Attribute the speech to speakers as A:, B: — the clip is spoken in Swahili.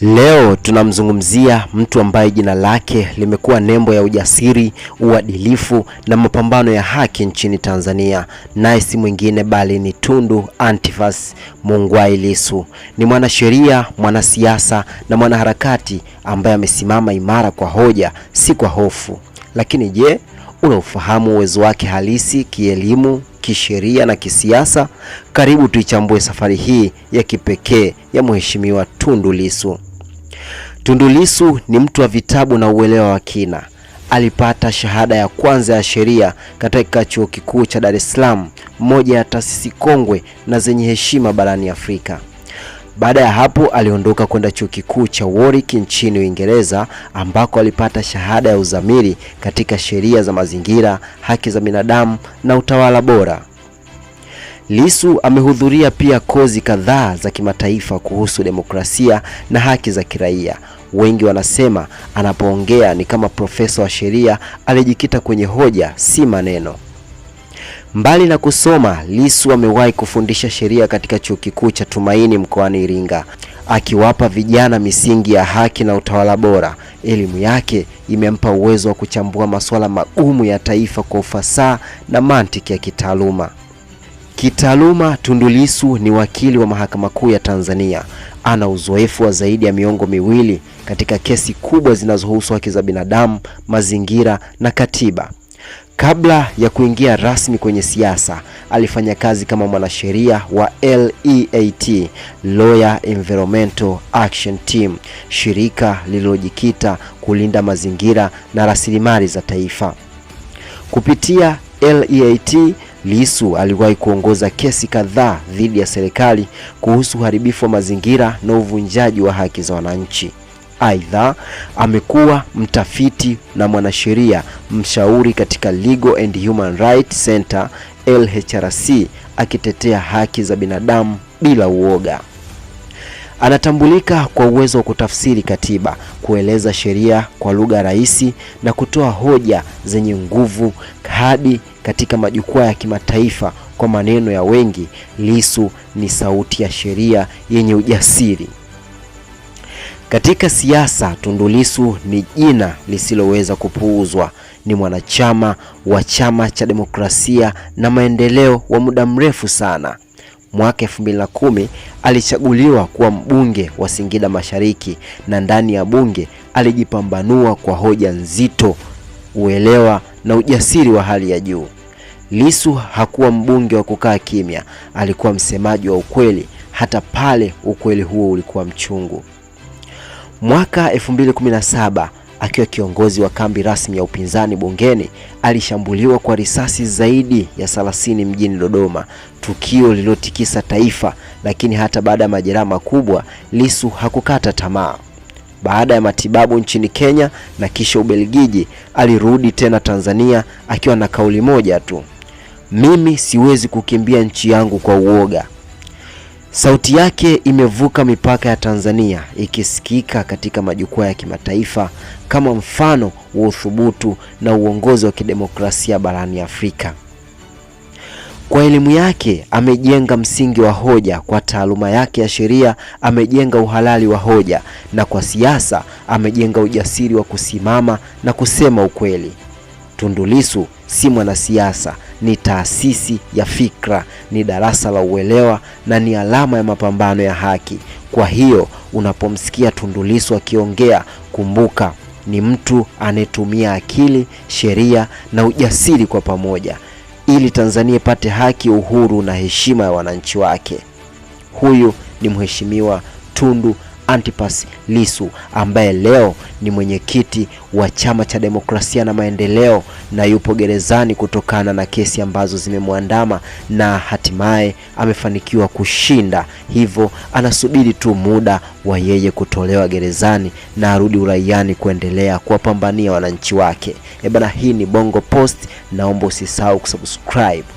A: Leo tunamzungumzia mtu ambaye jina lake limekuwa nembo ya ujasiri, uadilifu na mapambano ya haki nchini Tanzania, naye si mwingine bali ni Tundu Antiphas mungwai Lissu. Ni mwanasheria, mwanasiasa na mwanaharakati ambaye amesimama imara kwa hoja, si kwa hofu. Lakini je, unaufahamu uwezo wake halisi kielimu, kisheria na kisiasa? Karibu tuichambue safari hii ya kipekee ya Mheshimiwa Tundu Lissu. Tundu Lissu ni mtu wa vitabu na uelewa wa kina. Alipata shahada ya kwanza ya sheria katika Chuo Kikuu cha Dar es Salaam, moja ya taasisi kongwe na zenye heshima barani Afrika. Baada ya hapo aliondoka kwenda Chuo Kikuu cha Warwick nchini Uingereza ambako alipata shahada ya uzamili katika sheria za mazingira, haki za binadamu na utawala bora. Lissu amehudhuria pia kozi kadhaa za kimataifa kuhusu demokrasia na haki za kiraia wengi wanasema anapoongea ni kama profesa wa sheria aliyejikita kwenye hoja, si maneno. Mbali na kusoma, Lissu amewahi kufundisha sheria katika Chuo Kikuu cha Tumaini mkoani Iringa, akiwapa vijana misingi ya haki na utawala bora. Elimu yake imempa uwezo wa kuchambua masuala magumu ya taifa kwa ufasaha na mantiki ya kitaaluma. Kitaaluma, Tundu Lissu ni wakili wa Mahakama Kuu ya Tanzania. Ana uzoefu wa zaidi ya miongo miwili katika kesi kubwa zinazohusu haki za binadamu, mazingira na katiba. Kabla ya kuingia rasmi kwenye siasa, alifanya kazi kama mwanasheria wa LEAT, Lawyer Environmental Action Team, shirika lililojikita kulinda mazingira na rasilimali za taifa. Kupitia LEAT Lissu aliwahi kuongoza kesi kadhaa dhidi ya serikali kuhusu uharibifu wa mazingira na uvunjaji wa haki za wananchi. Aidha, amekuwa mtafiti na mwanasheria mshauri katika Legal and Human Rights Center LHRC akitetea haki za binadamu bila uoga. Anatambulika kwa uwezo wa kutafsiri katiba, kueleza sheria kwa lugha rahisi na kutoa hoja zenye nguvu hadi katika majukwaa ya kimataifa. Kwa maneno ya wengi, Lissu ni sauti ya sheria yenye ujasiri. Katika siasa, Tundu Lissu ni jina lisiloweza kupuuzwa. Ni mwanachama wa Chama cha Demokrasia na Maendeleo wa muda mrefu sana mwaka kumi alichaguliwa kuwa mbunge wa Singida Mashariki, na ndani ya bunge alijipambanua kwa hoja nzito, uelewa na ujasiri wa hali ya juu. Lissu hakuwa mbunge wa kukaa kimya, alikuwa msemaji wa ukweli hata pale ukweli huo ulikuwa mchungu. Mwaka saba akiwa kiongozi wa kambi rasmi ya upinzani bungeni alishambuliwa kwa risasi zaidi ya thelathini mjini Dodoma, tukio lililotikisa taifa. Lakini hata baada ya majeraha makubwa, Lissu hakukata tamaa. Baada ya matibabu nchini Kenya na kisha Ubelgiji, alirudi tena Tanzania akiwa na kauli moja tu: mimi siwezi kukimbia nchi yangu kwa uoga. Sauti yake imevuka mipaka ya Tanzania ikisikika katika majukwaa ya kimataifa kama mfano wa uthubutu na uongozi wa kidemokrasia barani Afrika. Kwa elimu yake amejenga msingi wa hoja, kwa taaluma yake ya sheria amejenga uhalali wa hoja, na kwa siasa amejenga ujasiri wa kusimama na kusema ukweli. Tundu Lissu si mwanasiasa, ni taasisi ya fikra, ni darasa la uelewa na ni alama ya mapambano ya haki. Kwa hiyo unapomsikia Tundu Lissu akiongea, kumbuka ni mtu anayetumia akili, sheria na ujasiri kwa pamoja ili Tanzania ipate haki, uhuru na heshima ya wananchi wake. Huyu ni Mheshimiwa Tundu Antipas Lissu ambaye leo ni mwenyekiti wa Chama cha Demokrasia na Maendeleo na yupo gerezani kutokana na kesi ambazo zimemwandama na hatimaye amefanikiwa kushinda, hivyo anasubiri tu muda wa yeye kutolewa gerezani na arudi uraiani kuendelea kuwapambania wananchi wake. ebana hii ni Bongo Post, naomba usisahau kusubscribe.